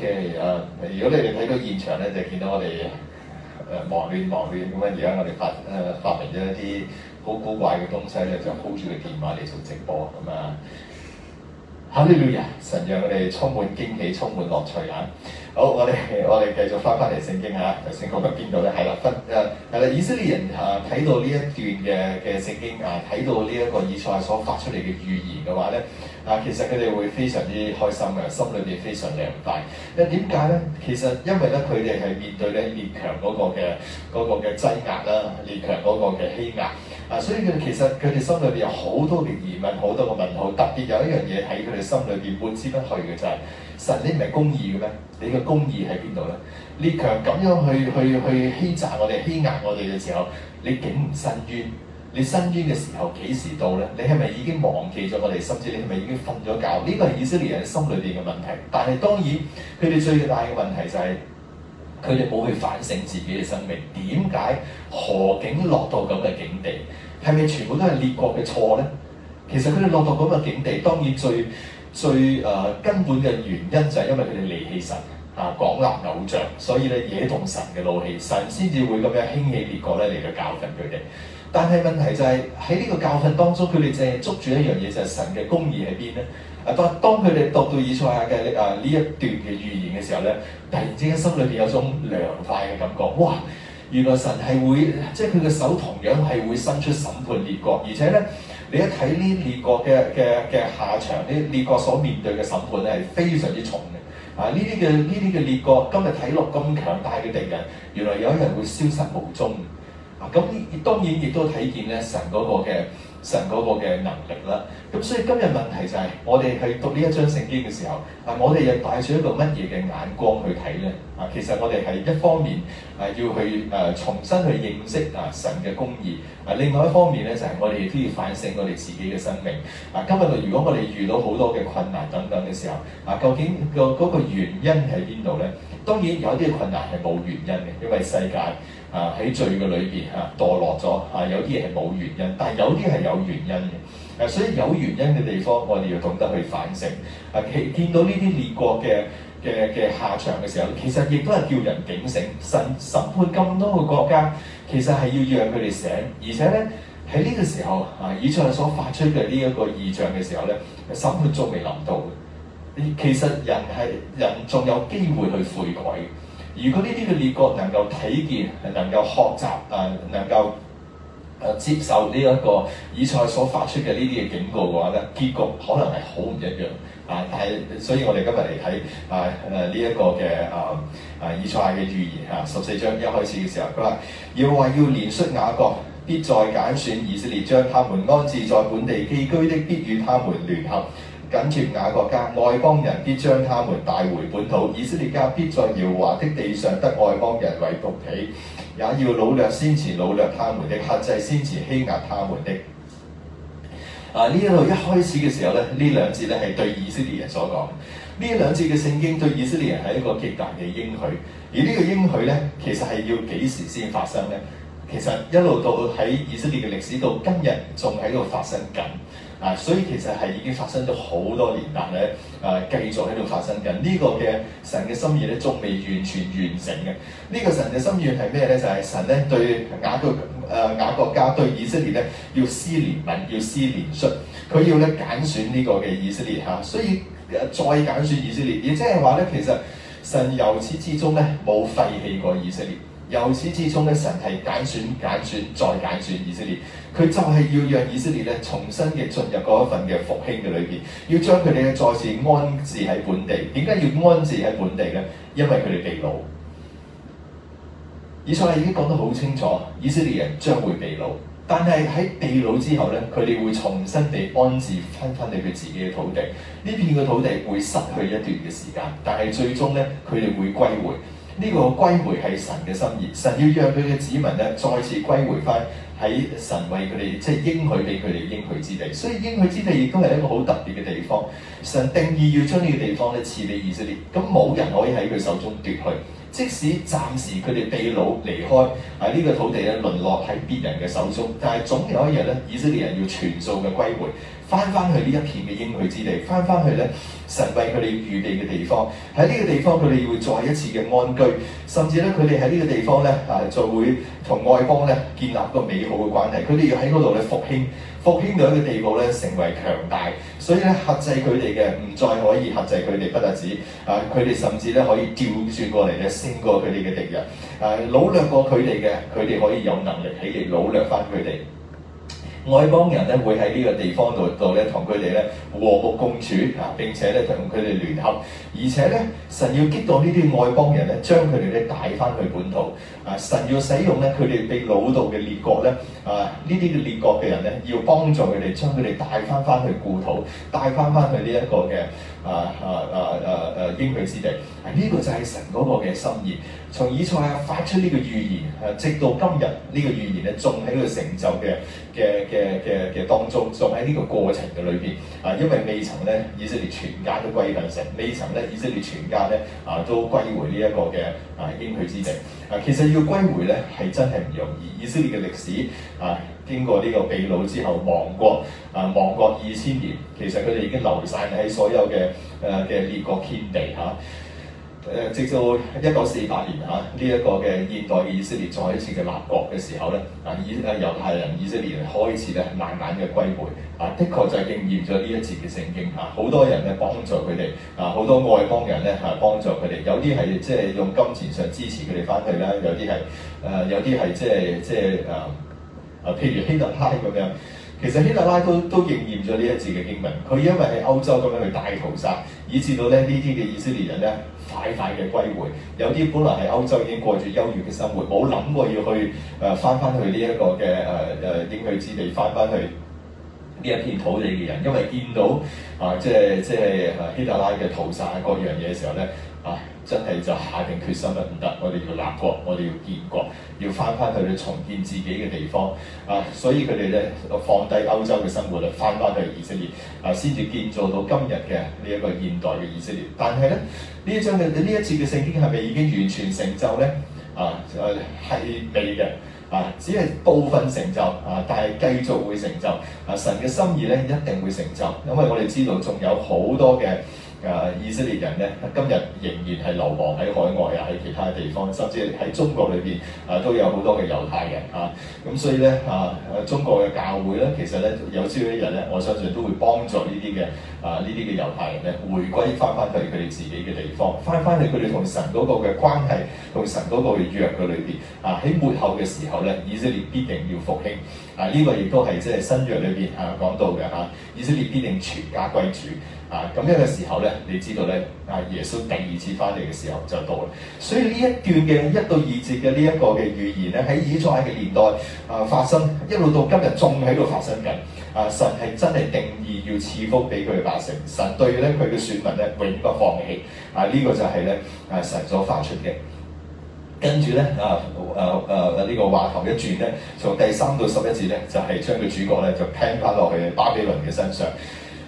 即係啊！Okay. Uh, 如果你哋睇到現場咧，就見到我哋誒、呃、忙亂忙亂咁樣。而家我哋發誒、呃、發明咗一啲好古怪嘅東西咧，就 hold 住個電話嚟做直播咁啊！哈、嗯！哈利路亞，神讓我哋充滿驚喜，充滿樂趣啊！好，我哋我哋繼續翻翻嚟聖經嚇，頭先講緊邊度咧？係啦，分誒係啦，以色列人啊，睇到呢一段嘅嘅聖經啊，睇到呢一個以賽所發出嚟嘅預言嘅話咧。啊，其實佢哋會非常之開心嘅，心裏面非常涼快。誒點解呢？其實因為咧，佢哋係面對咧列強嗰個嘅嗰個嘅擠壓啦，列強嗰個嘅欺壓。所以其實佢哋心裏面有好多嘅疑問，好多嘅問號。特別有一樣嘢喺佢哋心裏面，揮之不去嘅就係、是：神，你不是，你唔係公義嘅咩？你嘅公義喺邊度咧？列強咁樣去去去欺詐我哋、欺壓我哋嘅時候，你竟唔伸冤？你身邊嘅時候幾時到咧？你係咪已經忘記咗我哋？甚至你係咪已經瞓咗覺？呢、這個係以色列人心裏邊嘅問題。但係當然佢哋最大嘅問題就係佢哋冇去反省自己嘅生命。點解何竟落到咁嘅境地？係咪全部都係列國嘅錯咧？其實佢哋落到咁嘅境地，當然最最誒、呃、根本嘅原因就係因為佢哋離棄神啊，廣立偶像，所以咧惹動神嘅怒氣，神先至會咁樣興起列國咧嚟到教訓佢哋。但係問題就係喺呢個教訓當中，佢哋淨係捉住一樣嘢，就係、是、神嘅公義喺邊咧？啊，當當佢哋讀到以賽亞嘅啊呢一段嘅預言嘅時候咧，突然之間心裏面有種涼快嘅感覺，哇！原來神係會，即係佢嘅手同樣係會伸出審判列國，而且咧，你一睇呢列國嘅下場，列國所面對嘅審判咧係非常之重嘅。啊，呢啲嘅列國，今日睇落咁強大嘅敵人，原來有一日會消失無蹤。咁亦當然亦都睇見咧神嗰個嘅神嗰個嘅能力啦。咁所以今日問題就係、是，我哋去讀呢一章聖經嘅時候，啊，我哋又帶住一個乜嘢嘅眼光去睇咧？啊，其實我哋係一方面啊，要去誒、呃、重新去認識啊神嘅公義；啊，另外一方面咧，就係我哋亦都要反省我哋自己嘅生命。啊，今日如果我哋遇到好多嘅困難等等嘅時候，啊，究竟個嗰原因喺邊度咧？當然有啲困難係冇原因嘅，因為世界。啊！喺罪嘅裏邊啊，墮落咗啊，有啲嘢係冇原因，但係有啲係有原因嘅。誒，所以有原因嘅地方，我哋要懂得去反省。啊，見見到呢啲列國嘅嘅嘅下場嘅時候，其實亦都係叫人警醒。神審判咁多個國家，其實係要讓佢哋醒。而且咧，喺呢個時候啊，以賽亞所發出嘅呢一個異象嘅時候咧，審判仲未臨到嘅。其實人係人仲有機會去悔改。如果呢啲嘅列國能夠睇見，能夠學習，啊、能夠，啊、接受呢一個以賽所發出嘅呢啲嘅警告嘅話呢，結局可能係好唔一樣的。啊，係，所以我哋今日嚟睇啊，誒呢一個嘅啊，啊以賽亞嘅預言嚇、啊、十四章一開始嘅時候，佢、啊、話要話要憐恤雅各，必再揀選以色列，將他們安置在本地寄居的，必與他們聯合。緊接雅各家，外邦人必將他們帶回本土，以色列家必在耶和華的地上得外邦人為僕婢，也要擄掠先前擄掠他們的，轄制先前欺壓他們的。啊！呢一路一開始嘅時候咧，呢兩節咧係對以色列人所講。呢兩節嘅聖經對以色列人係一個極大嘅應許。而呢個應許咧，其實係要幾時先發生咧？其實一路到喺以色列嘅歷史度，今日，仲喺度發生緊。啊！所以其實係已經發生咗好多年，但係誒繼續喺度發生緊，這個、呢個嘅神嘅心意咧，仲未完全完成嘅呢，這個神嘅心意係咩咧？就係，是，神咧對雅各，呃、雅各家對以色列要施憐憫，要施憐恤，佢要咧揀選呢個嘅以色列，啊、所以再揀選以色列，亦即係話咧，其實神由始至終咧冇廢棄過以色列。由始至終咧，神係揀選，選、揀選，選，選、再揀選，選以色列，佢就係要讓以色列咧重新嘅進入嗰一份嘅復興嘅裏邊，要將佢哋咧再次安置喺本地。點解要安置喺本地咧？因為佢哋被擄。以上已經講得好清楚，以色列人將會被擄，但係喺被擄之後咧，佢哋會重新地安置翻翻到佢自己嘅土地。呢片嘅土地會失去一段嘅時間，但係最終咧，佢哋會歸回。呢個歸回係神嘅心意，神要讓佢嘅子民咧再次歸回翻喺神為佢哋，即係應許俾佢哋應許之地。所以應許之地亦都係一個好特別嘅地方，神定意要將呢個地方咧賜俾以色列，咁冇人可以喺佢手中奪去。即使暫時佢哋被擄離開喺呢、啊這個土地咧，淪落喺別人嘅手中，但係總有一日咧，以色列人要全數嘅歸回，翻返去呢一片嘅應許之地，翻返去咧，神為佢哋預備嘅地方，喺呢個地方佢哋會再一次嘅安居，甚至呢，佢哋喺呢個地方呢，啊，就會同外邦呢建立一個美好嘅關係，佢哋要喺嗰度咧復興。復興到一個地步咧，成為強大，所以咧，克制佢哋嘅唔再可以克制佢哋，不單止啊，佢哋甚至咧可以調轉過嚟咧勝過佢哋嘅敵人，啊，老略過佢哋嘅，佢哋可以有能力起嚟老略翻佢哋。外邦人咧會喺呢個地方度度咧同佢哋咧和睦共處啊，並且咧同佢哋聯合，而且咧神要激動呢啲外邦人咧，將佢哋咧帶翻去本土。神要使用咧，佢哋被擄到嘅列國咧，啊、呃，呢啲嘅列國嘅人咧，要幫助佢哋，將佢哋帶翻翻去故土，帶翻翻去呢、這、一個嘅啊啊啊啊啊應許之地。啊，呢個就係神嗰個嘅心意，從以賽亞發出呢個預言，誒，直到今日呢個預言咧，仲喺度成就嘅嘅嘅嘅嘅當中，仲喺呢個過程嘅裏邊。啊，因為未曾咧，以色列全家都歸順神，未曾咧，以色列全家咧、這個，啊，都歸回呢一個嘅啊應許之地。其實要歸回呢，係真係唔容易。以色列嘅歷史啊，經過呢個被擄之後，亡國啊，亡國二千年，其實佢哋已經流曬喺所有嘅誒、啊、列國天地嚇。啊誒，直到一九四八年嚇，呢、這、一個嘅現代嘅以色列再一次嘅立國嘅時候咧，啊，以啊猶太人以色列人開始咧慢慢嘅歸回，啊，的確就係應驗咗呢一次嘅聖經嚇，好多人咧幫助佢哋，啊，好多外邦人咧嚇幫助佢哋，有啲係即係用金錢上支持佢哋翻去啦，有啲係誒，有啲係即係即係誒誒，譬如希特拉咁樣。其實希特拉都都應驗咗呢一次嘅經文，佢因為喺歐洲咁樣去大屠殺，以至到咧呢啲嘅以色列人咧快快嘅歸回，有啲本來喺歐洲已經過住優越嘅生活，冇諗過要去誒翻翻去呢、這、一個嘅誒誒應許之地翻翻去呢一片土地嘅人，因為見到、呃、啊即係即係希特拉嘅屠殺各樣嘢嘅時候咧啊。呃真係就下定決心啦，唔得！我哋要立國，我哋要建國，要翻翻去重建自己嘅地方啊！所以佢哋咧放低歐洲嘅生活啦，翻返去以色列啊，先至建造到今日嘅呢一個現代嘅以色列。但係咧呢一張嘅呢一次嘅聖經係咪已經完全成就咧？啊，係未嘅啊，只係部分成就啊，但係繼續會成就啊！神嘅心意咧一定會成就，因為我哋知道仲有好多嘅。啊、以色列人呢，今日仍然係流亡喺海外啊，喺其他地方，甚至喺中國裏邊啊，都有好多嘅猶太人啊。咁所以呢，啊，中國嘅教會呢，其實呢，有朝一日呢，我相信都會幫助呢啲嘅啊呢啲嘅猶太人呢，回歸翻翻去佢哋自己嘅地方，翻翻去佢哋同神嗰個嘅關係，同神嗰個嘅約嘅裏邊啊。喺末後嘅時候呢，以色列必定要復興。啊，呢、這個亦都係即係新約裏邊啊講到嘅嚇、啊，以色列必定全家歸主。啊咁樣嘅時候咧，你知道咧，啊耶穌第二次翻嚟嘅時候就到啦。所以呢一段嘅一到二節嘅呢一個嘅預言咧，喺以賽嘅年代啊發生，一路到今日仲喺度發生緊。啊神係真係定意要賜福俾佢嘅百姓，神對咧佢嘅選民咧永不放棄。啊呢個就係咧啊神所發出嘅。跟住咧啊誒誒呢個話頭一轉咧，從第三到十一節咧就係將個主角咧就聽翻落去巴比倫嘅身上。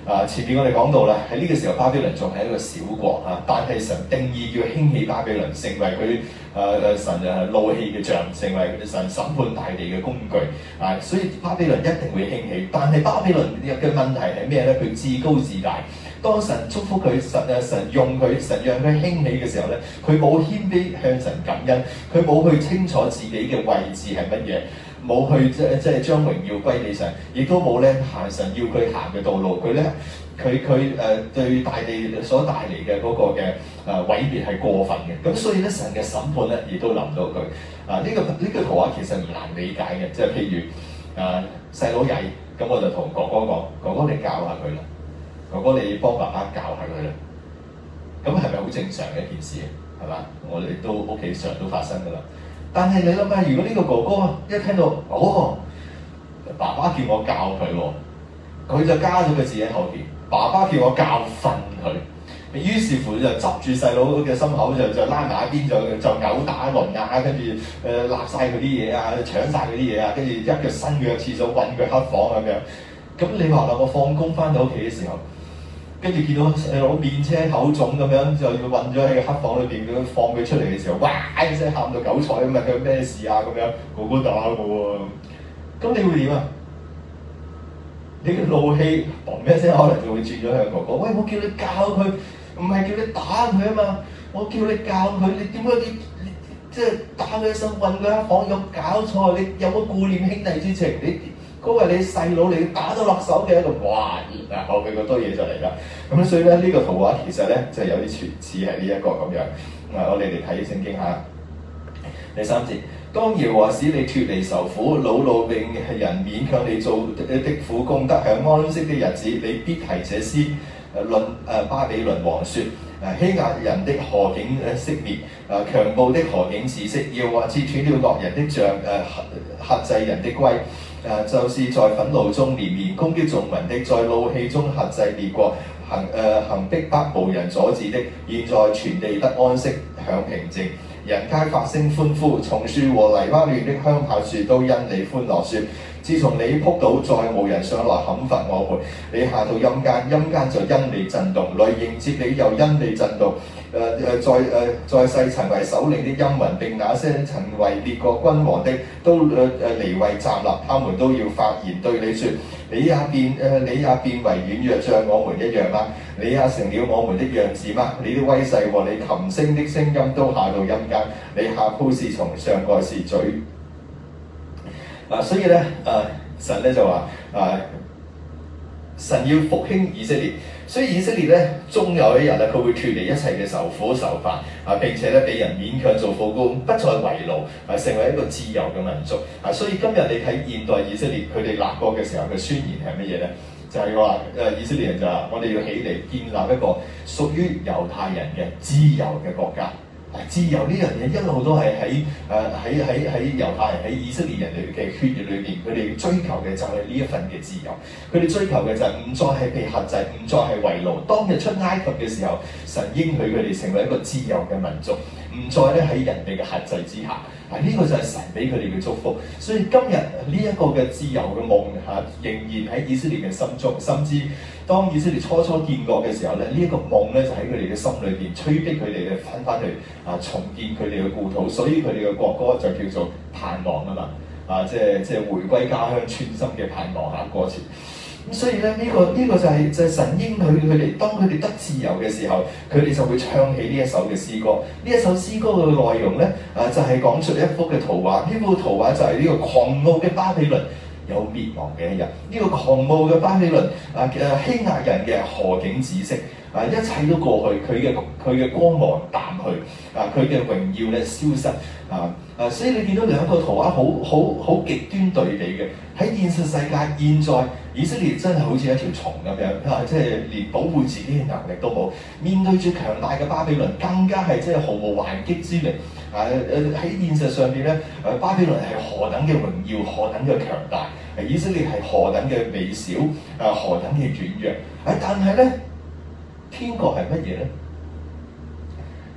啊！前面我哋講到啦，喺呢個時候巴比倫仲係一個小國，但係神定義要興起巴比倫，成為佢誒誒神怒氣嘅象，成為佢神審判大地嘅工具啊！所以巴比倫一定會興起，但係巴比倫嘅問題係咩呢？佢自高自大，當神祝福佢神，神用佢神讓佢興起嘅時候呢，佢冇謙卑向神感恩，佢冇去清楚自己嘅位置係乜嘢。冇去即即係將榮耀歸地上，亦都冇咧行神要佢行嘅道路。佢咧佢佢誒對大地所帶嚟嘅嗰個嘅誒毀滅係過分嘅。咁所以咧神嘅審判咧亦都臨到佢。啊呢、這個呢、這個圖畫其實唔難理解嘅，即係譬如誒細佬曳，咁、啊、我就同哥哥講：哥哥你教下佢啦，哥哥你幫爸爸教下佢啦。咁係咪好正常嘅一件事？係嘛？我哋都屋企常都發生㗎啦。但係你諗下，如果呢個哥哥一聽到，嗰、哦、爸爸叫我教佢喎，佢就加咗個字喺後面。爸爸叫我教訓佢。於是乎就執住細佬嘅心口就，就就拉埋一邊，就就毆打一輪，跟住誒擸曬佢啲嘢啊，搶曬佢啲嘢啊，跟住一腳伸佢入廁所，揾佢黑房咁樣。咁你話我放工返到屋企嘅時候。跟住見到細佬面青口腫咁樣，就韞咗喺黑房裏邊。咁放佢出嚟嘅時候，哇！一聲喊到九彩咁啊！問佢咩事啊？咁樣，哥哥打我喎、啊！咁你會點啊？你嘅怒氣嘣一聲，喔、可能就會轉咗向哥哥。喂！我叫你教佢，唔係叫你打佢啊嘛！我叫你教佢，你點解你即係、就是、打佢一聲，韞佢喺房，有冇搞錯？你有冇顧念兄弟之情？你？嗰個你細佬，你打到落手嘅一個哇！啊，學佢嗰堆嘢就嚟啦。咁所以咧，呢、這個圖畫其實咧就係有啲似似係呢一個咁樣。我哋嚟睇聖經嚇。第三節，當耶和華使你脱離受苦，老老令人勉強你做的苦工，得享安息的日子，你必提這詩論巴比倫王説：欺壓人的何竟誒熄滅，誒強暴的何竟止息，耶和華截斷了惡人的杖，誒轄轄制人的圭，誒、啊、就是在憤怒中連連攻擊眾民的，在怒氣中轄制列國，行誒、啊、行逼迫無人阻止的，現在全地得安息享平靜，人皆發聲歡呼，松樹和黎巴嫩的香柏樹都因你歡樂，説自從你仆倒，再無人上來砍伐我們，你下到陰間，陰間就因你震動，來迎接你又因你震動。誒誒、呃，在誒、呃、在世曾為首領的陰魂，並那些曾為列國君王的，都誒誒離位站立，他們都要發言對你説：你也變誒、呃、你也變為軟弱像我們一樣嗎？你也成了我們的樣子嗎？你的威勢和、哦、你琴聲的聲音都下到陰間。你下鋪是從上蓋是嘴。嗱、啊，所以呢，誒、呃、神呢就話誒、啊、神要復興以色列。所以以色列咧，終有一日咧，佢會脱離一切嘅受苦受難啊！並且咧，俾人勉強做苦工，不再為奴，啊，成為一個自由嘅民族，啊，所以今日你睇現代以色列，佢哋立國嘅時候嘅宣言係咩嘢呢？就係，是，話，呃、以色列人就話：我哋要起嚟建立一個屬於猶太人嘅自由嘅國家。自由呢樣嘢一路都係喺誒猶太人喺以色列人嘅血液裏面。佢哋追求嘅就係呢一份嘅自由。佢哋追求嘅就係唔再係被限制，唔再係為奴。當佢出埃及嘅時候，神應許佢哋成為一個自由嘅民族，唔再咧喺人類嘅限制之下。呢、啊，這個就係神俾佢哋嘅祝福，所以今日呢一個嘅自由嘅夢嚇，仍然喺以色列嘅心中。甚至當以色列初初建國嘅時候咧，呢、這、一個夢咧就喺佢哋嘅心裏邊催逼佢哋咧翻返去啊重建佢哋嘅故土。所以佢哋嘅國歌就叫做盼望啊嘛啊，即係即係回歸家鄉，寸心嘅盼望嚇歌詞。啊。所以呢、這個呢、這個就係、是、就係、是、神鷹佢佢哋當佢哋得自由嘅時候，佢哋就會唱起呢一首嘅詩歌。詩歌呢一首詩歌嘅內容咧，誒、啊、就係、是、講出一幅嘅圖畫。呢幅圖畫就係呢個狂傲嘅巴比倫有滅亡嘅一日。呢、這個狂傲嘅巴比倫誒嘅欺壓人嘅何竟止息啊，一切都過去，佢嘅佢嘅光芒淡去啊，佢嘅榮耀咧消失啊。所以你見到兩個圖畫好好好極端對比嘅，喺現實世界，現在以色列真係好似一條蟲咁樣，啊，即係連保護自己嘅能力都冇，面對住強大嘅巴比倫，更加係即係毫無還擊之力。啊誒，喺現實上面，咧，巴比倫係何等嘅榮耀，何等嘅強大，以色列係何等嘅微小，誒何等嘅軟弱。但係呢，天國係乜嘢呢？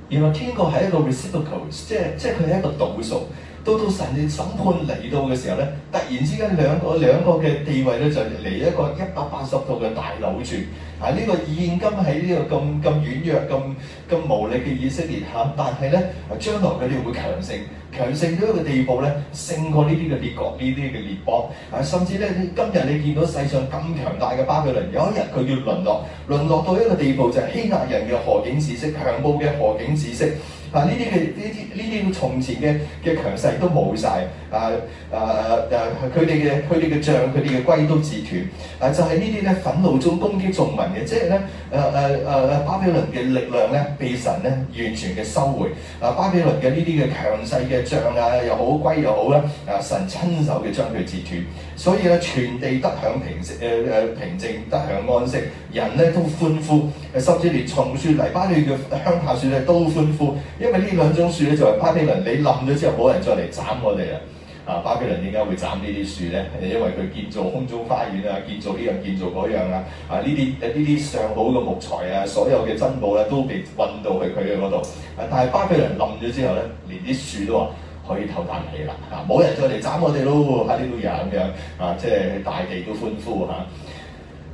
原來天國係一個 reciprocal，即係佢係一個倒數。到到神嘅審判嚟到嘅時候咧，突然之間兩個兩個嘅地位咧就嚟一個一百八十度嘅大扭轉。啊！呢、呢個現今喺呢個咁咁軟弱、咁咁無力嘅以色列嚇，但係呢將來佢哋會強盛。強盛到一個地步咧，勝過呢啲嘅列國、呢啲嘅列邦，啊，甚至呢，今日你見到世上咁強大嘅巴比倫，有一日佢要淪落，淪落到一個地步就係欺壓人嘅河景知識，強暴嘅河景知識。嗱，呢啲嘅呢啲呢啲從前嘅嘅強勢都冇晒，啊啊啊啊，佢哋嘅佢哋嘅杖佢哋嘅圭都折斷。啊就係、是、呢啲咧憤怒中攻擊眾民嘅，即係咧誒誒誒巴比倫嘅力量咧，被神咧完全嘅收回，啊巴比倫嘅呢啲嘅強勢嘅杖啊又好圭又好咧，啊神親手嘅將佢折斷。所以呢，全地得享平息誒誒平靜，得享安息。人呢都歡呼，甚至連松樹、泥巴樹嘅香柏樹咧都歡呼，因為呢兩種樹呢，就係、是、巴比倫，你冧咗之後，冇人再嚟斬我哋啦。啊，巴比倫點解會斬這些呢啲樹咧？就因為佢建造空中花園啊，建造呢、這、樣、個、建造嗰樣啦、啊。啊，呢啲誒呢啲上好嘅木材啊，所有嘅珍寶咧、啊、都被運到去佢嘅嗰度。但係巴比倫冧咗之後呢，連啲樹都話。可以透啖氣啦嚇，冇、啊、人再嚟斬我哋咯喺呢度呀咁樣啊，即係大地都歡呼嚇。啊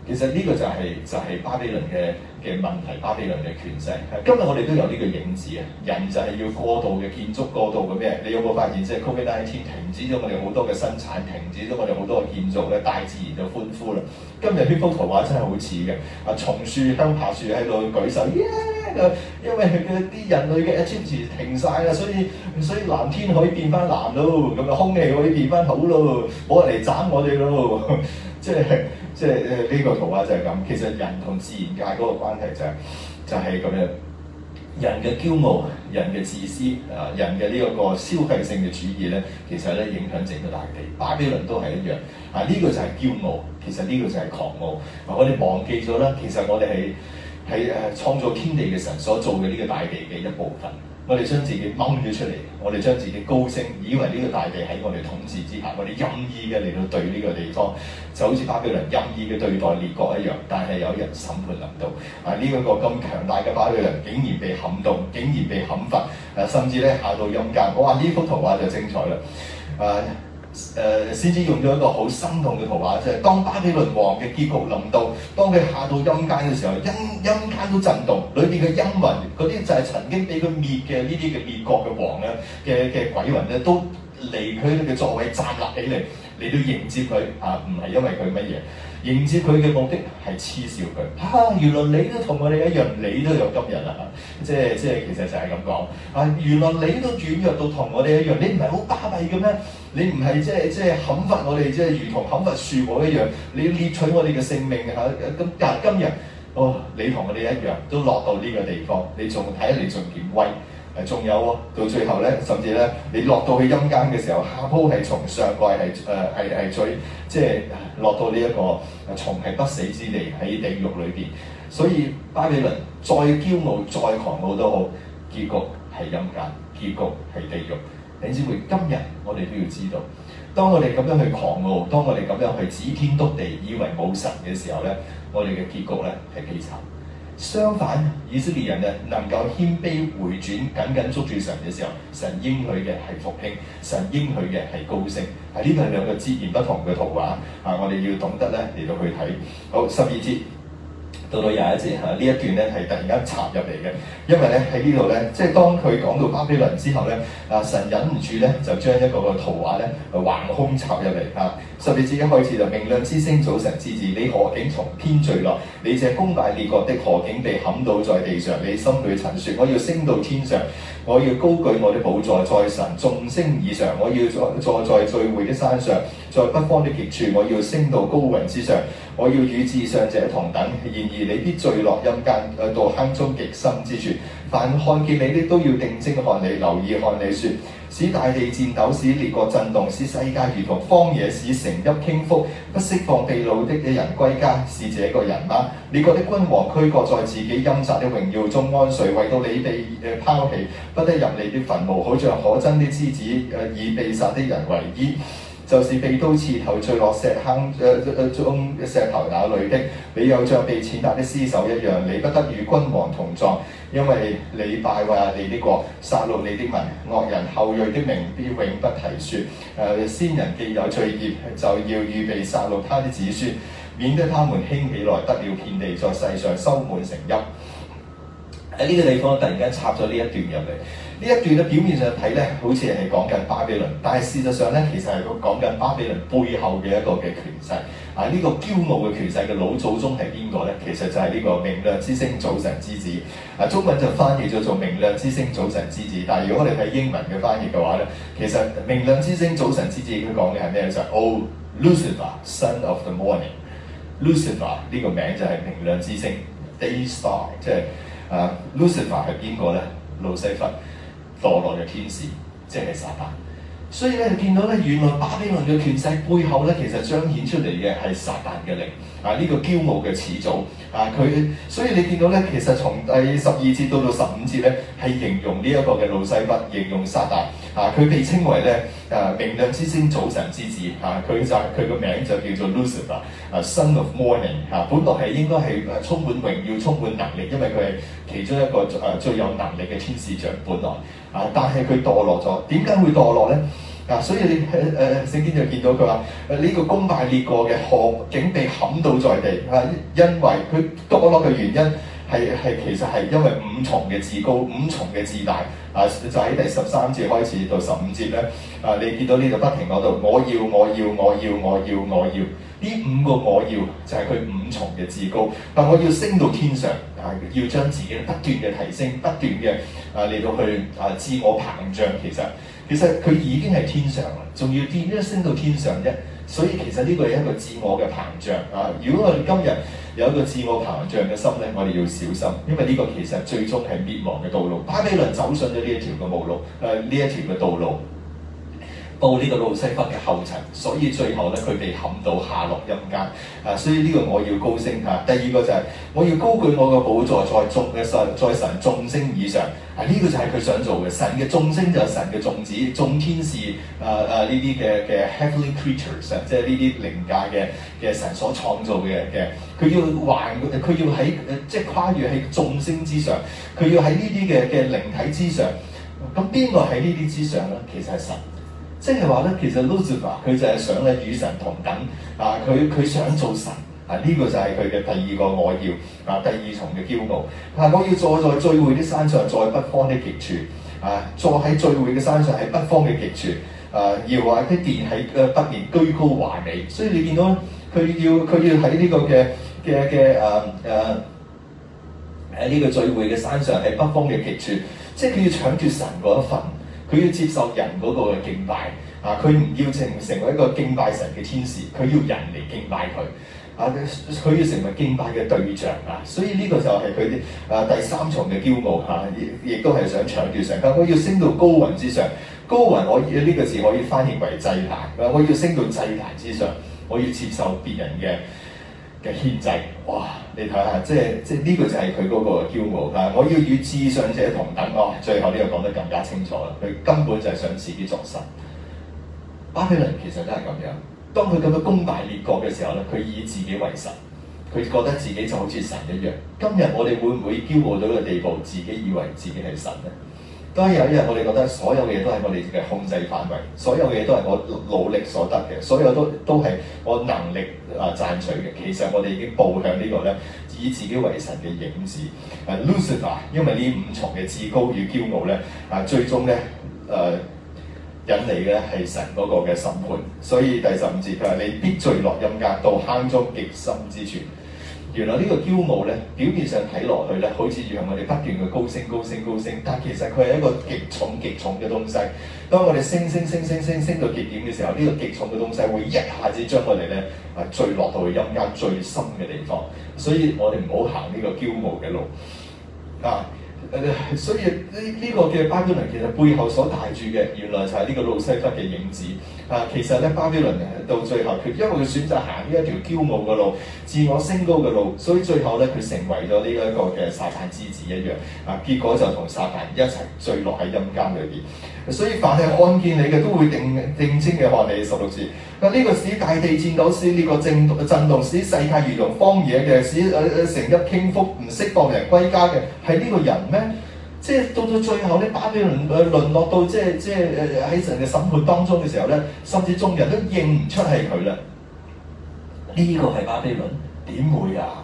其實呢個就係就係巴比倫嘅嘅問題，巴比倫嘅權勢。今日我哋都有呢個影子啊！人就係要過度嘅建築，過度嘅咩？你有冇發現即係 COVID nineteen 停止咗我哋好多嘅生產，停止咗我哋好多嘅建造咧，大自然就歡呼啦！今日呢幅圖畫真係好似嘅啊，松樹、香柏樹喺度舉手，yeah! 因為啲人類嘅 action 停晒啦，所以所以藍天可以變翻藍咯，咁嘅空氣可以變翻好咯，冇人嚟斬我哋咯。即係即係誒呢個圖畫就係咁。其實人同自然界嗰個關係就係、是、就係、是、咁樣。人嘅驕傲、人嘅自私、誒、呃、人嘅呢一個消費性嘅主義咧，其實咧影響整個大地。巴比倫都係一樣。啊，呢、這個就係驕傲，其實呢個就係狂傲。我哋忘記咗啦。其實我哋係係誒創造天地嘅神所做嘅呢個大地嘅一部分。我哋將自己掹咗出嚟，我哋將自己高升，以為呢個大地喺我哋統治之下，我哋任意嘅嚟到對呢個地方，就好似巴比倫任意嘅對待列國一樣。但係有人審判臨到，啊呢一、這個咁強大嘅巴比倫，竟然被撼動，竟然被砍伐，啊甚至咧下到陰間。哇！呢幅圖畫就精彩啦。啊誒先至用咗一個好心痛嘅圖畫，就係當巴比倫王嘅結局臨到，當佢下到陰間嘅時候，陰陰間都震動，裏邊嘅陰魂嗰啲就係曾經俾佢滅嘅呢啲嘅滅國嘅王咧嘅嘅鬼魂咧，都離佢嘅座位站立起嚟。你都迎接佢啊？唔係因為佢乜嘢？迎接佢嘅目的係恥笑佢啊！原來你都同我哋一樣，你都有今日啦、啊！即係即係其實就係咁講啊！原來你都軟弱到同我哋一樣，你唔係好巴閉嘅咩？你唔係即係即係砍伐我哋，即係如同砍伐樹木一樣，你要掠取我哋嘅性命啊！咁但係今日哦、啊，你同我哋一樣，都落到呢個地方，你仲睇你仲點威？誒仲有喎，到最後咧，甚至咧，你落到去陰間嘅時候，下鋪係從上蓋係誒係係最，即係落到呢一個，從係不死之地喺地獄裏邊。所以巴比倫再驕傲再狂傲都好，結局係陰間，結局係地獄。你知唔知？今日我哋都要知道，當我哋咁樣去狂傲，當我哋咁樣去指天篤地，以為冇神嘅時候咧，我哋嘅結局咧係悲慘。相反，以色列人啊，能夠謙卑回轉，緊緊捉住神嘅時候，神應許嘅係復興，神應許嘅係高升。啊，呢個係兩個截然不同嘅圖畫。啊，我哋要懂得咧嚟到去睇。好，十二節。到到廿一節嚇，呢一段咧係突然間插入嚟嘅，因為咧喺呢度咧，即係當佢講到巴比倫之後呢，啊、神忍唔住呢就將一個個圖畫呢橫空插入嚟嚇、啊。十二節一開始就明亮之星，早晨之子，你何竟從天墜落？你這攻敗列國的何竟被砍倒在地上？你心裡曾説：我要升到天上。我要高舉我的寶座在神眾星以上，我要坐在聚會的山上，在北方的極處，我要升到高雲之上，我要與至上者同等。然而你必墜落陰間，到坑中極深之處。凡看見你的都要定睛看你，留意看你說。使大地顫抖，使列國震動，使世界如同荒野，使城邑傾覆。不釋放被擄的人歸家，是這個人嗎、啊？列國的君王俱各在自己陰宅的榮耀中安睡，惟獨你被誒拋棄，不得入你的墳墓，好像可憎的獅子誒以被殺的人為衣。就是被刀刺透、墜落石坑、誒誒中石頭那裏的，你有像被踐踏的屍首一樣，你不得與君王同葬，因為你敗壞你的國，殺戮你的民，惡人後裔的名必永不提説。誒、呃，先人既有罪孽，就要預備殺戮他的子孫，免得他們興起來得了遍地，在世上收滿成邑。喺呢個地方突然間插咗呢一段入嚟。呢一段嘅表面上睇咧，好似係講緊巴比倫，但係事實上咧，其實係講緊巴比倫背後嘅一個嘅權勢。啊，呢個驕傲嘅權勢嘅老祖宗係邊個咧？其實就係呢個明亮之星早晨之子。啊，中文就翻譯咗做明亮之星早晨之子。但係如果你睇英文嘅翻譯嘅話咧，其實明亮之星早晨之子講嘅係咩就就係，O Lucifer, son of the morning。Lucifer 呢個名就係明亮之星，Daystar，即係啊 Lucifer 係邊個咧？Lucifer。Luc 墮落嘅天使，即係撒旦。所以咧，見到咧，原來巴比倫嘅權勢背後咧，其實彰顯出嚟嘅係撒旦嘅靈啊！呢、這個驕傲嘅始祖，啊，佢所以你見到咧，其實從第十二節到到十五節咧，係形容呢一個嘅路西法，形容撒旦。啊！佢被稱為咧誒、啊、明亮之星、早晨之子。嚇、啊，佢就佢個名字就叫做 Lucifer，啊 Son of Morning、啊。嚇，本來係應該係充滿榮耀、充滿能力，因為佢係其中一個誒最、啊、最有能力嘅天使長。本來啊，但係佢墮落咗。點解會墮落咧？啊，所以誒聖經就見到佢話：誒、啊、呢、這個攻敗列國嘅，何竟被砍倒在地？嚇、啊，因為佢墮落嘅原因。係其實係因為五重嘅自高、五重嘅自大啊，就喺第十三節開始到十五節呢，啊你見到呢度不停講到我要我要我要我要我要，呢五個我要就係佢五重嘅自高。但我要升到天上啊，要將自己不斷嘅提升不斷嘅啊，嚟到去啊自我膨脹。其實其實佢已經係天上啦，仲要點樣升到天上呢？所以其實呢個係一個自我嘅膨脹啊！如果我哋今日有一個自我膨脹嘅心咧，我哋要小心，因為呢個其實最終係滅亡嘅道路。巴比倫走上咗呢一條嘅、啊、道路，誒呢一條嘅道路。到呢個路西法嘅後塵，所以最後咧佢被冚到下落陰間。啊，所以呢個我要高升嚇。第二個就係、是、我要高舉我個寶座在眾嘅神，在神眾星以上。啊，呢、這個就係佢想做嘅神嘅眾星就係神嘅眾子、眾天使。呃、啊啊呢啲嘅嘅 heavenly creatures，即係呢啲靈界嘅嘅神所創造嘅嘅。佢要橫，佢要喺即係跨越喺眾星之上。佢要喺呢啲嘅嘅靈體之上。咁邊個喺呢啲之上咧？其實係神。即係話咧，其實 Lucifer 佢就係想咧與神同等啊！佢佢想做神啊！呢、這個就係佢嘅第二個我要啊，第二重嘅驕傲啊！我要坐在聚會嘅山，啊、山上，在北方嘅極處啊！坐喺聚會嘅山上，喺北方嘅極處啊！要話啲殿喺北面，居高華美，所以你見到佢要佢要喺呢個嘅嘅嘅誒誒誒呢個聚會嘅山上喺北方嘅極處，即係佢要搶奪神嗰一份。佢要接受人嗰個嘅敬拜啊！佢唔要成成為一個敬拜神嘅天使，佢要人嚟敬拜佢啊！佢要成為敬拜嘅對象啊！所以呢個就係佢啲啊第三重嘅驕傲嚇，亦、啊、亦都係想搶奪神。但我要升到高雲之上，高雲我呢、呢個字可以翻譯為祭壇，我要升到祭壇之上，我要接受別人嘅。嘅牽制，哇！你睇下，即係即係呢個就係佢嗰個驕傲，但我要與至上者同等咯、哦。最後呢個講得更加清楚啦，佢根本就係想自己做神。巴比倫其實都係咁樣，當佢咁樣攻敗列國嘅時候咧，佢以自己為神，佢覺得自己就好似神一樣。今日我哋會唔會驕傲到個地步，自己以為自己係神咧？當然有一日，我哋覺得所有嘅嘢都係我哋嘅控制範圍，所有嘅嘢都係我努力所得嘅，所有都都係我能力啊賺、呃、取嘅。其實我哋已經步向呢個呢以自己為神嘅影子啊、uh，Lucifer，因為呢五重嘅至高與驕傲呢，啊，最終呢誒、呃、引嚟嘅係神嗰個嘅審判。所以第十五節佢話：你必墜落陰間，到坑中極深之處。原來呢個驕傲呢，表面上睇落去咧，好似讓我哋不斷去高升、高升、高升，但其實佢係一個極重、極重嘅東西。當我哋升升升升升到極點嘅時候，呢個極重嘅東西會一下子將我哋呢啊墜落到去陰間最深嘅地方。所以我哋唔好行呢個驕傲嘅路。啊！呃、所以呢呢、這個嘅巴比倫其實背後所帶住嘅，原來就係呢個路西法嘅影子。啊，其實咧巴比倫到最後，佢因為佢選擇行呢一條驕傲嘅路，自我升高嘅路，所以最後咧佢成為咗呢一個嘅撒旦之子一樣。啊，結果就同撒旦一齊墜落喺陰間裏面。所以凡係看見你嘅都會定定睛嘅看你，十六字。嗱呢、啊這個使大地戰鬥使呢、這個震動，使世界如同荒野嘅使誒誒、呃、成日傾覆唔適當人歸家嘅係呢個人咩？即係到最後呢，巴比倫誒淪落到即係即係喺神嘅審判當中嘅時候呢，甚至眾人都認唔出係佢啦。呢個係巴比倫點會啊？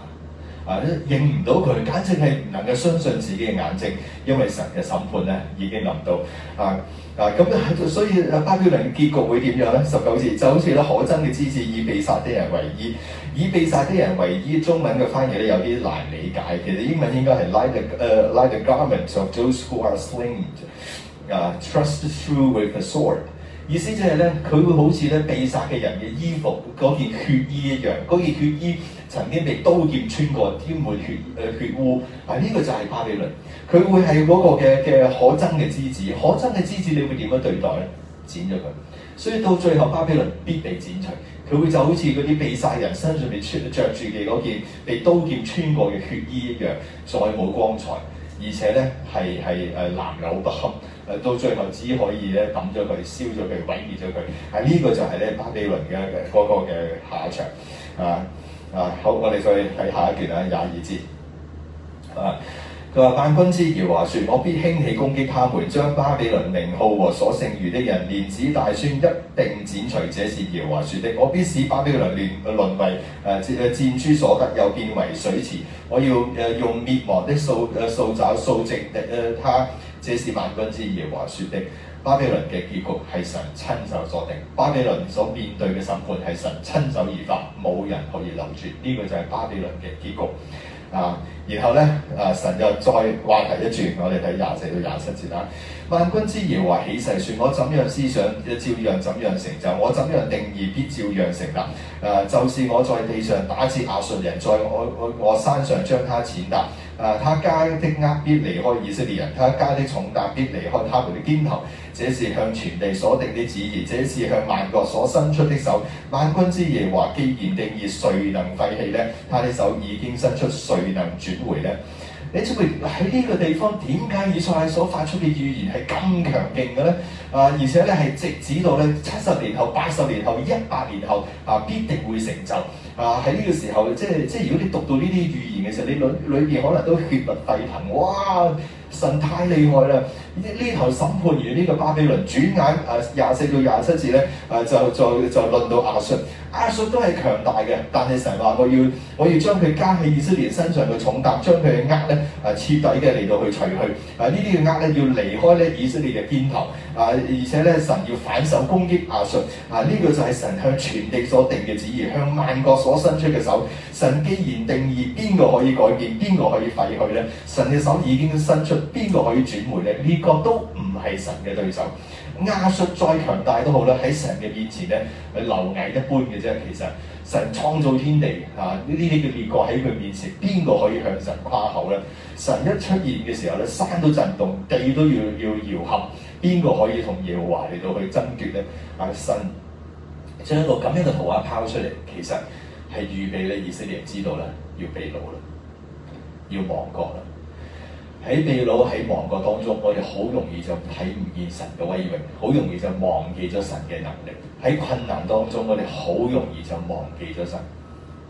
啊！認唔到佢，簡直係唔能夠相信自己嘅眼睛，因為神嘅審判咧已經臨到。啊啊！咁、啊、所以阿巴比倫結局會點樣咧？十九節就好似咧，可憎嘅枝子以被殺啲人為衣，以被殺啲人為衣。中文嘅翻譯咧有啲難理解，其實英文應該係 like the 呃、uh, like the garments of those who are slain。啊、uh, thrust through with the sword。意思就係咧，佢會好似咧被殺嘅人嘅衣服嗰件血衣一樣，嗰件血衣。曾經被刀劍穿過，沾滿血誒、呃、血污，啊呢、這個就係巴比倫，佢會係嗰個嘅嘅可憎嘅枝子，可憎嘅枝子你會點樣對待咧？剪咗佢，所以到最後巴比倫必被剪除，佢會就好似嗰啲被殺人身上面穿著住嘅嗰件被刀劍穿過嘅血衣一樣，再冇光彩，而且咧係係誒襤褸不堪，誒、啊、到最後只可以咧抌咗佢，燒咗佢，毀滅咗佢，啊呢、這個就係咧巴比倫嘅嗰個嘅、那個那個、下場，啊。啊，好，我哋再睇下一段啊，廿二節。啊，佢話：萬軍之耶和華說，我必興起攻擊他們，將巴比倫名號和所剩餘的人，連子帶孫一定剪除。這是耶和華說的。我必使巴比倫淪啊淪為誒誒箭豬所得，又變為水池。我要誒、啊、用滅亡的掃誒掃帚掃淨誒他。這是萬軍之耶和華說的。巴比倫嘅結局係神親手所定，巴比倫所面對嘅審判係神親手而發，冇人可以留住，呢、這個就係巴比倫嘅結局啊！然後咧，啊神又再話題一轉，我哋睇廿四到廿七節啊，萬軍之耶和華起誓說：我怎樣思想，要照樣怎樣成就；我怎樣定義，必照樣成立。誒、啊，就是我在地上打折亞述人，在我我，我，我山上將他踐踏。啊、他加的軛必離開以色列人，他加的重擔必離開他們的肩頭。這是向全地所定的旨意，這是向萬國所伸出的手。萬軍之耶和華既然定意，誰能廢棄呢？他的手已經伸出，誰能轉回呢？你知唔知喺呢個地方，點解以賽亞所發出嘅語言係咁強勁嘅呢、啊？而且咧係直至到咧，七十年後、八十年後、一百年後啊，必定會成就。啊！喺呢個時候，即係即係，如果你讀到呢啲預言嘅時候，你裏裏邊可能都血脈沸騰哇！神太厲害啦！呢呢頭審判完呢個巴比倫，轉眼誒廿四到廿七節呢，誒、啊、就就就輪到亞述。亞述都係強大嘅，但係神話我要我要將佢加喺以色列身上嘅重擔，將佢嘅壓咧徹底嘅嚟到去除去誒呢啲嘅壓咧要離開以色列嘅肩頭、啊、而且咧神要反手攻擊亞述。啊呢、這個就係神向全地所定嘅旨意，向萬國所伸出嘅手。神既然定義邊個可以改變，邊個可，可以廢去呢？神嘅手已經伸出。邊個可以轉回咧？列國都唔係神嘅對手，亞述再強大都好啦，喺神嘅面前咧，螻蟻一般嘅啫。其實神創造天地，啊呢啲叫列國喺佢面前，邊個可以向神誇口咧？神一出現嘅時候咧，山都震動，地都要要搖撼，邊個可以同耶和華嚟到去爭奪咧？啊神將一個咁樣嘅圖畫拋出嚟，其實係預備咧，以色列人知道啦，要被擄啦，要亡國啦。喺被擄喺亡國當中，我哋好容易就睇唔見神嘅威榮，好容易就忘記咗神嘅能力。喺困難當中，我哋好容易就忘記咗神。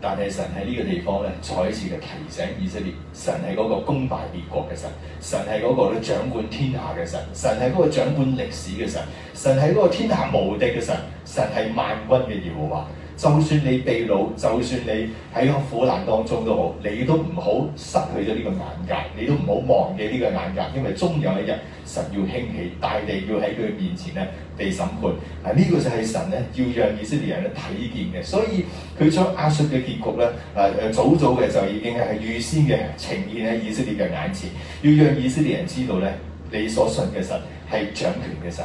但係神喺呢個地方咧，再一次嘅提醒以色列：神係嗰個攻敗列國嘅神，神係嗰個掌管天下嘅神，神係嗰個掌管歷史嘅神，神係嗰個天下無敵嘅神，神係萬軍嘅耶和華。就算你被老，就算你喺個苦難當中都好，你都唔好失去咗呢個眼界，你都唔好忘記呢個眼界，因為終有一日神要興起，大地要喺佢面前被審判。嗱、啊、呢、呢個就係神要讓以色列人咧睇見嘅，所以佢將亞述嘅結局、啊、早早嘅就已經係預先嘅呈現喺以色列嘅眼前，要讓以色列人知道咧你所信嘅神係掌權嘅神。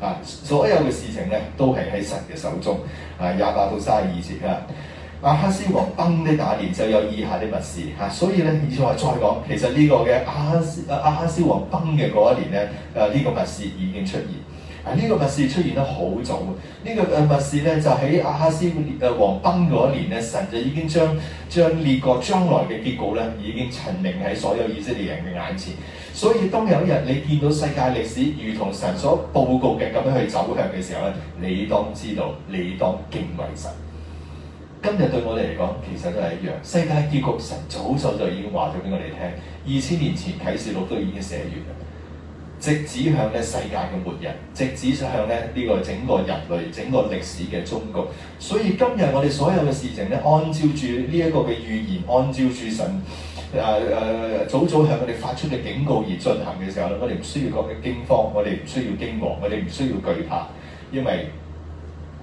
啊！所有嘅事情咧，都係喺神嘅手中。啊，廿八到卅二節啊，亞哈斯王崩啲打年就有以下啲默示啊。所以咧，以我再講，其實呢個嘅亞哈斯亞、啊、哈斯王崩嘅嗰一年咧，啊呢、這個默示已經出現。啊，呢、這個默示出現得好早。呢、這個誒、啊、默示咧就喺亞哈斯誒王崩嗰一年咧，神就已經將將列國將來嘅結果咧，已經陳明喺所有以色列人嘅眼前。所以當有一日你見到世界歷史如同神所報告嘅咁樣去走向嘅時候咧，你當知道，你當敬畏神。今日對我哋嚟講，其實都係一樣。世界結局神早就早就已經話咗俾我哋聽，二千年前啟示錄都已經寫完啦，直指向咧世界嘅末日，直指向咧呢個整個人類整個歷史嘅終局。所以今日我哋所有嘅事情咧，按照住呢一個嘅預言，按照住神。誒誒、呃，早早向我哋發出嘅警告而進行嘅時候咧，我哋唔需要覺得驚慌，我哋唔需要驚惶，我哋唔需要懼怕，因為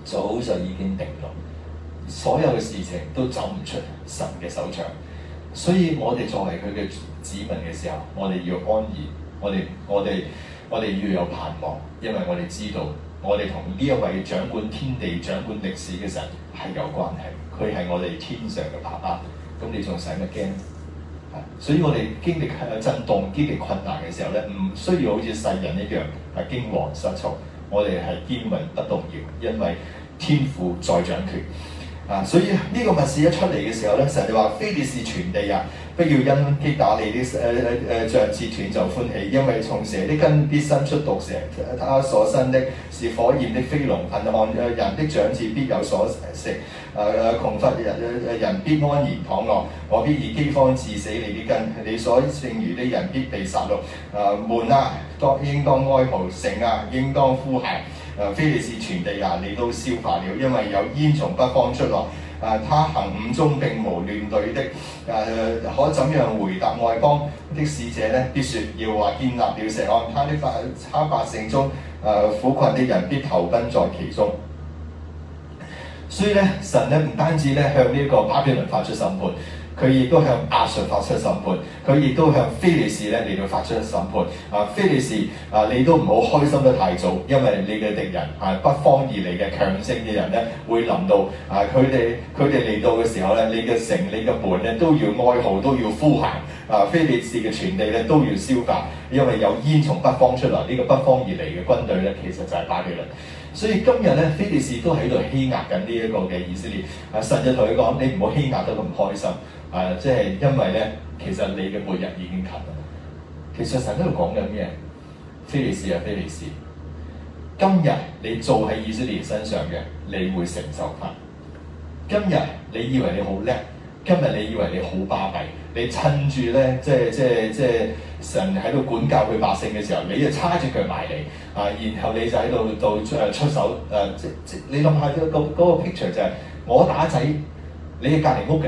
早就已經定咗，所有嘅事情都走唔出神嘅手掌。所以我哋作為佢嘅子民嘅時候，我哋要安然，我哋我哋我哋要有盼望，因為我哋知道我哋同呢一位掌管天地、掌管歷史嘅神係有關係，佢係我哋天上嘅爸爸，咁你仲使乜驚？所以我哋經歷誒震動、經歷困難嘅時候呢，唔需要好似世人一樣係驚惶失措，我哋係堅韌不動搖，因為天父在掌權。啊，所以呢個默示一出嚟嘅時候呢，成日就話非利士全地啊。不要因擊打你啲誒誒誒杖折斷就歡喜，因為從蛇的根必生出毒蛇，它所生的是火焰的飛龍，貧寒的人的長子必有所食。誒、呃、誒，窮乏人誒誒、呃、人必安然躺卧，我必以饑荒致死你啲根，你所剩餘的人必，必被殺戮。誒、呃、門啊，當應當哀號；城啊，應當呼喊。誒非利士全地啊，你都消化了，因為有煙從北方出來。啊、他行伍中並無亂隊的、啊，可怎樣回答外邦的使者呢？必説：要話建立了錫安，他的百他百姓中，啊！苦困的人必投奔在其中。所以呢，神呢，唔單止咧向呢個巴比倫發出審判。佢亦都向亞述發出審判，佢亦都向非利士咧嚟到發出審判。啊，非利士你都唔好開心得太早，因為你嘅敵人啊，北方而嚟嘅強盛嘅人咧，會臨到啊，佢哋佢哋嚟到嘅時候咧，你嘅城、你嘅門都要哀號，都要呼喊。啊，非利士嘅全地咧都要消化，因為有煙從北方出嚟。呢、呢個北方而嚟嘅軍隊咧，其實就係巴比倫。所以今日呢，非利士都喺度欺壓緊呢一個嘅以色列。啊，神就同佢講：你唔好欺壓得咁開心。誒、啊，即係因為咧，其實你嘅末日已經近啦。其實神喺度講緊咩？非利士啊，非利士！今日你做喺以色列身上嘅，你會承受翻。今日你以為你好叻，今日你以為你好巴閉，你趁住咧，即係即係即係神喺度管教佢百姓嘅時候，你就叉住腳埋嚟啊，然後你就喺度度誒出手誒，即、啊、即你諗下嗰嗰個 picture、那個、就係、是、我打仔，你喺隔離屋嘅。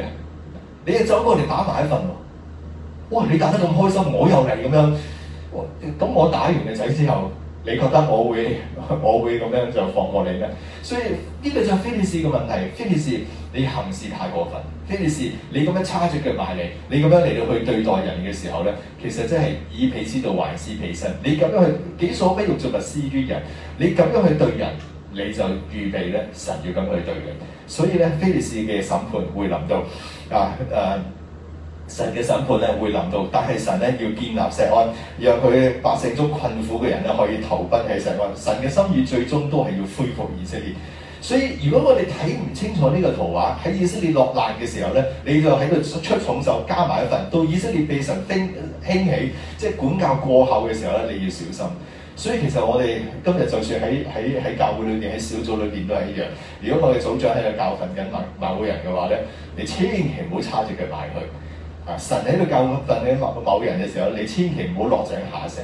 你就走過嚟打埋一份喎，哇！你打得咁開心，我又嚟咁樣，咁我打完個仔之後，你覺得我會，我會咁樣就放過你咩？所以呢個就係非利士嘅問題。非利士，你行事太過分。非利士，你咁樣叉住腳埋嚟，你咁樣嚟到去對待人嘅時候咧，其實真係以彼之道，還施彼身。你咁樣去，己所不欲，勿施於人。你咁樣去對人，你就預備咧神要咁去對人。所以咧，非利士嘅審判會臨到。啊！誒、呃、神嘅審判咧會臨到，但係神咧要建立錫安，讓佢百姓中困苦嘅人咧可以投奔喺錫安。神嘅心意最終都係要恢復以色列。所以如果我哋睇唔清楚呢個圖畫，喺以色列落難嘅時候呢，你就喺度出重手加埋一份。到以色列被神興興起，即係管教過後嘅時候呢，你要小心。所以其實我哋今日就算喺喺喺教會裏面，喺小組裏面都係一樣。如果我哋組長喺度教訓緊某個人嘅話呢，你千祈唔好叉住腳埋佢。啊，神喺度教訓緊某個人嘅時候，你千祈唔好落井下石。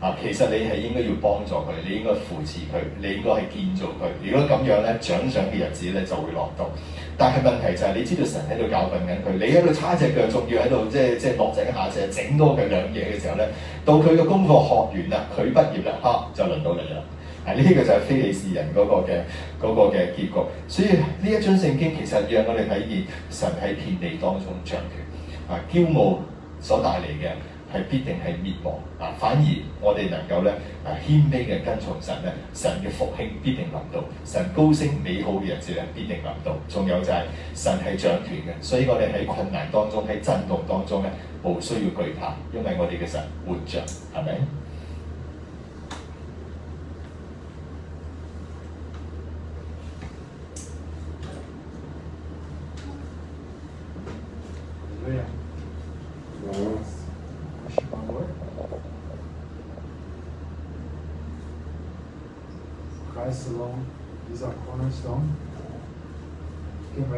啊，其實你係應該要幫助佢，你應該扶持佢，你應該係建造佢。如果咁樣咧，獎賞嘅日子咧就會落到。但係問題就係、是、你知道神喺度教訓緊佢，你喺度叉隻腳，仲要喺度即係即係落井下石，整多佢兩嘢嘅時候咧，到佢嘅功課學完啦，佢畢業啦，啊就輪到你啦。啊呢、這個就係非利士人嗰個嘅嗰嘅結局。所以呢一章聖經其實讓我哋睇見神喺遍地當中掌權，啊驕傲所帶嚟嘅。係必定係滅亡啊！反而我哋能夠咧，啊謙卑嘅跟從神咧，神嘅復興必定臨到，神高升美好嘅日子咧必定臨到。仲有就係神係掌權嘅，所以我哋喺困難當中，喺震動當中咧，無需要懼怕，因為我哋嘅神活著。係咪？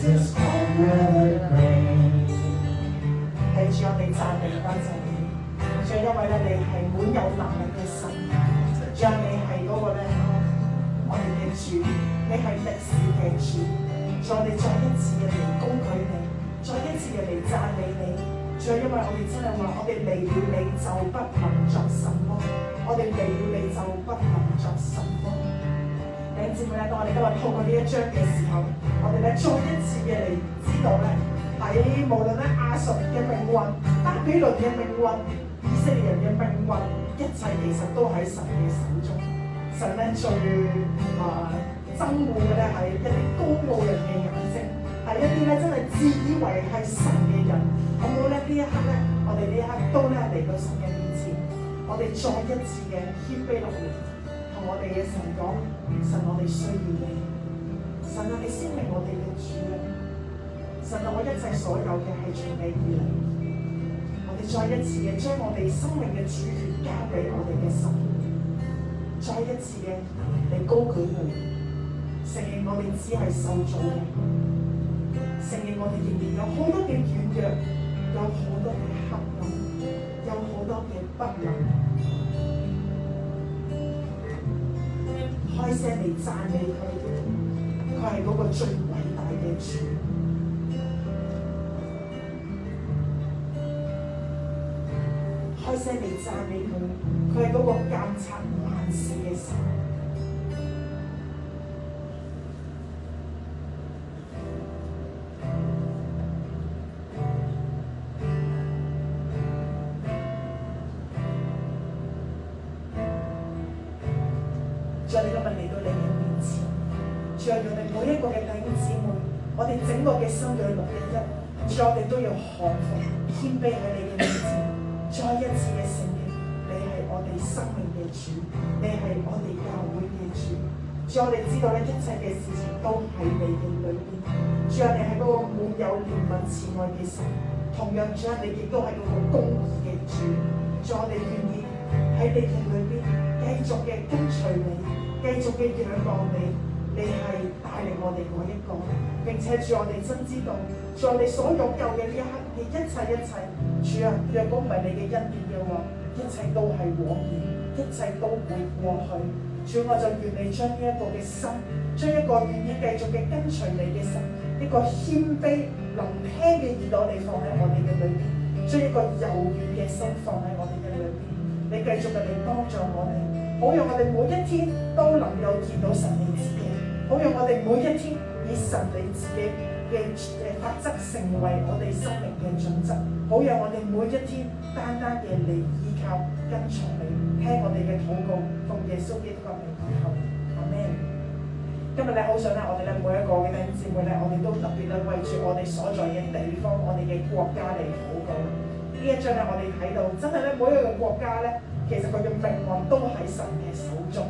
弟兄，你讚美神聖天，就因為咧你係滿有能力嘅神，讓你係嗰個咧，我哋嘅主，你係歷史嘅主，在你再一次嘅嚟供佢你，再一次嘅嚟讚美你，就因為我哋真係話，我哋離了你就不能做什麼，我哋離了你就不能做什麼。姐妹咧，當我哋今日透過呢一章嘅時候，我哋咧再一次嘅嚟知道咧，喺無論咧亞述嘅命運、巴比倫嘅命運、以色列人嘅命運，一切其實都喺神嘅手中。神咧最啊憎惡嘅咧係一啲高傲人嘅眼色。係一啲咧真係自以為係神嘅人，好唔好咧？呢一刻咧，我哋呢一刻都咧嚟到神嘅面前，我哋再一次嘅謙卑落嚟。我哋嘅神講，神我哋需要你，神啊，你先明我哋嘅主啊，神啊，我一切所有嘅係從你以嚟，我哋再一次嘅將我哋生命嘅主權交俾我哋嘅神，再一次嘅，你高舉我，承認我哋只係受造嘅，承認我哋仍然有好多嘅軟弱，有好多嘅黑暗，有好多嘅不能。開聲嚟讚美佢，佢係嗰個最偉大嘅主。開聲嚟讚美佢，佢係嗰個監察萬事嘅神。主，你係我哋教會嘅主，主，我哋知道咧，一切嘅事情都喺你嘅裏邊。主啊，你係嗰個滿有憐憫慈愛嘅神，同樣主啊，你亦都係嗰個公義嘅主。主，我哋願意喺你嘅裏邊繼續嘅跟隨你，繼續嘅仰望你。你係帶嚟我哋嗰一個，並且主，我哋真知道，在你所擁有嘅呢一刻，你一切一切，主啊，若果唔係你嘅恩典嘅話，一切都係枉然。一切都會過去，主我就願你將呢一個嘅心，將一個願意繼續嘅跟隨你嘅心，一個謙卑能聽嘅耳朵，你放喺我哋嘅裏邊，將一個柔軟嘅心放喺我哋嘅裏邊，你繼續嘅嚟幫助我哋，好讓我哋每一天都能夠見到神你自己，好讓我哋每一天以神你自己嘅嘅法則成為我哋生命嘅準則，好讓我哋每一天單單嘅嚟。跟從你聽我哋嘅禱告，奉耶穌基督嘅名求，阿們。今日咧，好想咧，我哋咧，每一個嘅弟兄姊妹咧，我哋都特別咧，為住我哋所在嘅地方，我哋嘅國家嚟禱告。呢一章咧，我哋睇到，真係咧，每一個國家咧，其實佢嘅命運都喺神嘅手中。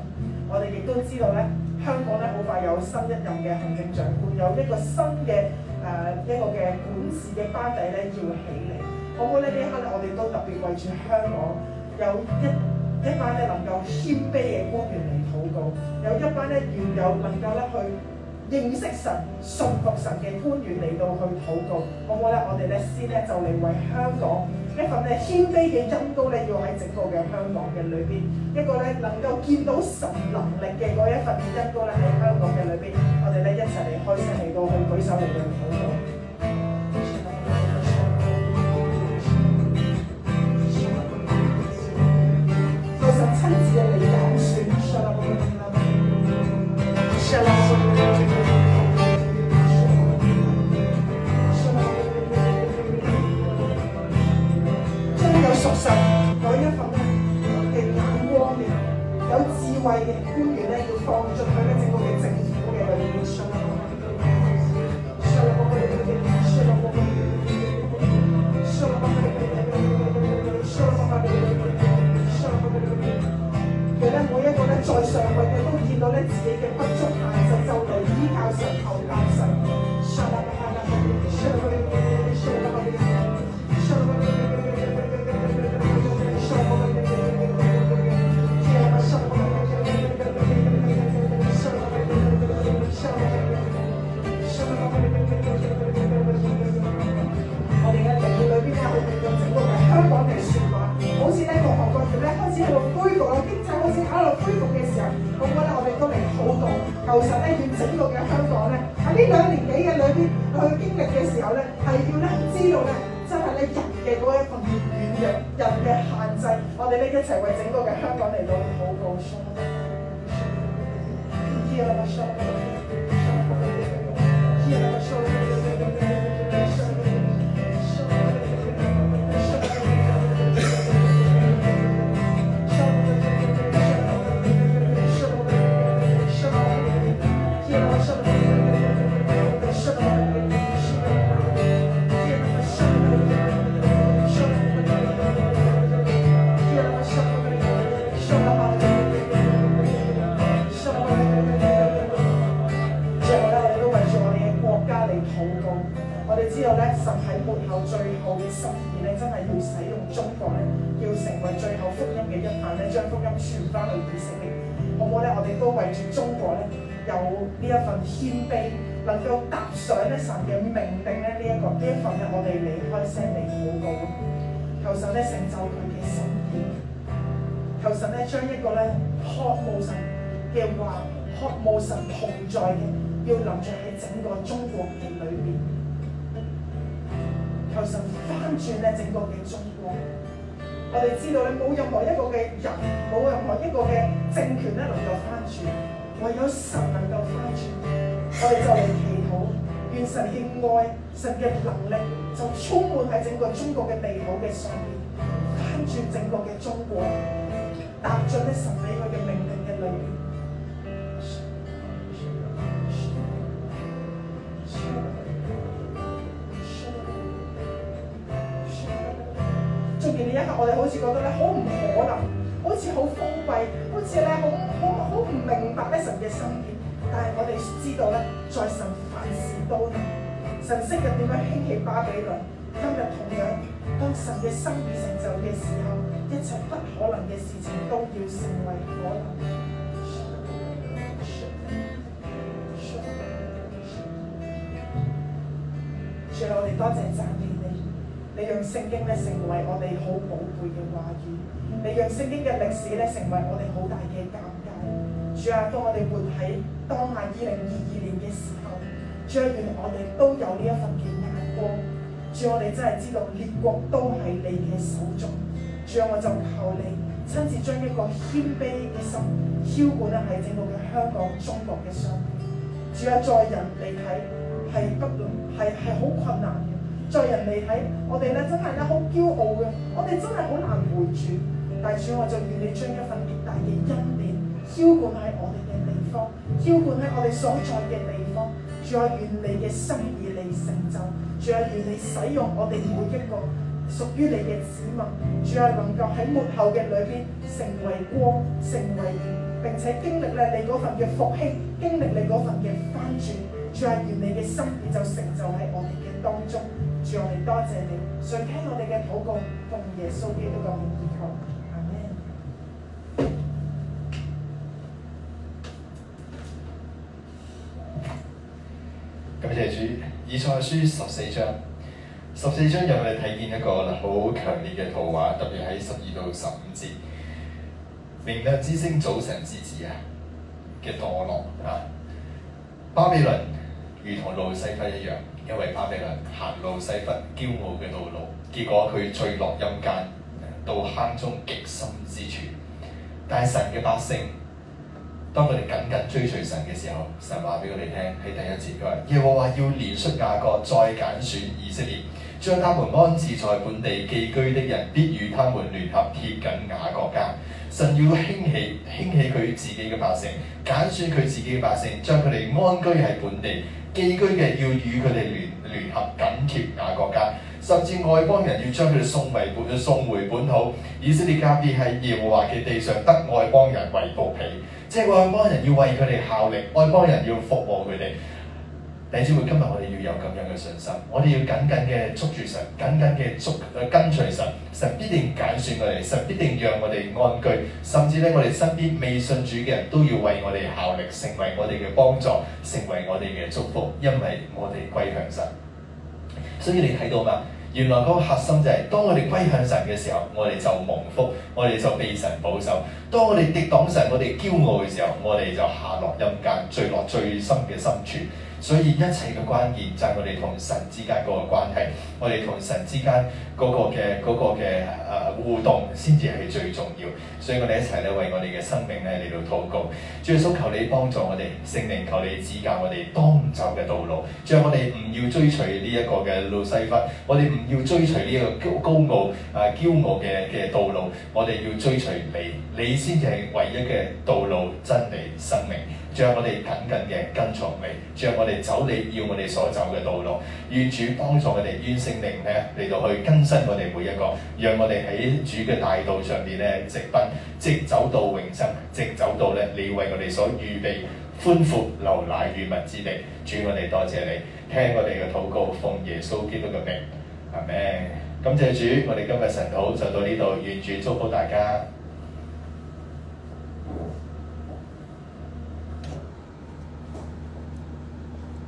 我哋亦都知道咧，香港咧，好快有新一任嘅行政長官，有一個新嘅誒一個嘅管事嘅班底咧，要起嚟。好，我覺得咧，呢刻咧，我哋都特別為住香港有一一班咧，能夠謙卑嘅官員嚟禱告，有一班咧要有能夠咧去認識神、信服神嘅官員嚟到去禱告。好，我覺得我哋咧先咧就嚟為香港一份咧謙卑嘅恩膏咧，要喺整個嘅香港嘅裏邊，一個咧能夠見到神能力嘅嗰一份嘅恩膏咧，喺香港嘅裏邊，我哋咧一齊嚟開聲嚟到，去舉手嚟到禱告。將有屬實，有一份咧嘅眼光嘅，有智慧嘅官員呢，要放進佢在上位嘅都見到咧，自己嘅不足。謙卑能夠踏上咧神嘅命定咧呢一個呢一份咧，我哋離開聲嚟禱告。求神咧成就佢嘅神意。求神咧將一個咧渴慕神嘅話，渴慕神同在嘅，要留在喺整個中國嘅裏邊。求神翻轉咧整個嘅中國。我哋知道你冇任何一個嘅人，冇任何一個嘅政權咧能夠翻轉，唯有神能夠翻轉。我哋就嚟祈禱，願神憐愛，神嘅能力就充滿喺整個中國嘅地土嘅上面，翻轉整個嘅中國，踏進呢神俾佢嘅命令嘅裏面。仲有呢一刻，我哋好似覺得咧好唔可能，好似好封閉，好似咧好好好唔明白咧神嘅心意。但係我哋知道咧，在神凡事都能，神昔日點樣興起巴比倫，今日同樣，當神嘅心意成就嘅時候，一切不可能嘅事情都要成為可能。最後謝謝我哋多謝讚美你，你讓聖經咧成為我哋好寶貝嘅話語，你讓聖經嘅歷史咧成為我哋好大嘅教。主啊，當我哋活喺當下二零二二年嘅時候，主啊，願我哋都有呢一份嘅眼光。主啊，我哋真係知道列國都係你嘅手足。主啊，我就求你親自將一個謙卑嘅心澆灌喺整個嘅香港、中國嘅上面。主啊，在人嚟睇係不論係係好困難嘅，在人嚟睇我哋咧真係咧好驕傲嘅，我哋真係好難回轉。但主啊，我就願你將一份極大嘅恩。澆灌喺我哋嘅地方，澆灌喺我哋所在嘅地方，再願你嘅心意嚟成就，再願你使用我哋每一個屬於你嘅子民，主願能夠喺幕後嘅裏邊成為光，成為，並且經歷咧你嗰份嘅復興，經歷你嗰份嘅翻轉，再願你嘅心意就成就喺我哋嘅當中，主，我哋多謝你，想聽我哋嘅禱告，奉耶穌基督嘅名而求。賽書十四章，十四章又我哋睇見一個好強烈嘅圖畫，特別喺十二到十五節，明亮之星，早晨之子啊嘅墮落啊，巴比倫如同路西法一樣，因為巴比倫行路西法驕傲嘅道路，結果佢墜落陰間，到坑中極深之處，但係神嘅百姓。當佢哋緊緊追隨神嘅時候，神話俾佢哋聽喺第一節，佢話耶和華要憐恤雅各，再揀選以色列，將他們安置在本地。寄居的人必與他們聯合，貼緊雅各家。神要興起興起佢自己嘅百姓，揀選佢自己嘅百姓，將佢哋安居喺本地。寄居嘅要與佢哋聯聯合緊貼雅各家。甚至外邦人要將佢哋送，送回本土，以色列家必在耶和華嘅地上得外邦人為僕婢，即係外邦人要為佢哋效力，外邦人要服務佢哋。弟兄姊妹，今日我哋要有咁樣嘅信心，我哋要緊緊嘅捉住神，緊緊嘅捉跟隨神，神必定揀選我哋，神必定讓我哋安居。甚至咧，我哋身邊未信主嘅人都要為我哋效力，成為我哋嘅幫助，成為我哋嘅祝福，因為我哋歸向神。所以你睇到嘛，原來嗰個核心就係，當我哋歸向神嘅時候，我哋就蒙福，我哋就被神保守；當我哋敵擋神，我哋驕傲嘅時候，我哋就下落陰間，墜落最深嘅深處。所以一切嘅關鍵就係我哋同神之間嗰個關係，我哋同神之間嗰個嘅、那個、互動先至係最重要。所以我哋一齊咧為我哋嘅生命咧嚟到禱告。主耶穌，求你幫助我哋聖靈，求你指教我哋當走嘅道路，最後，我哋唔要追隨呢一個嘅路西法，我哋唔要追隨呢個高傲啊、呃、驕傲嘅道路，我哋要追隨你，你先係唯一嘅道路，真理生命。將我哋緊緊嘅跟從尾，將我哋走你要我哋所走嘅道路，路，願主幫助我哋，願聖靈咧嚟到去更新我哋每一個，讓我哋喺主嘅大道上邊咧直奔，直走到永生，直走到咧你為我哋所預備寬闊流奶與蜜之地，主我哋多謝你，聽我哋嘅禱告，奉耶穌基督嘅名，阿門。感謝主，我哋今日晨禱就到呢度，願主祝福大家。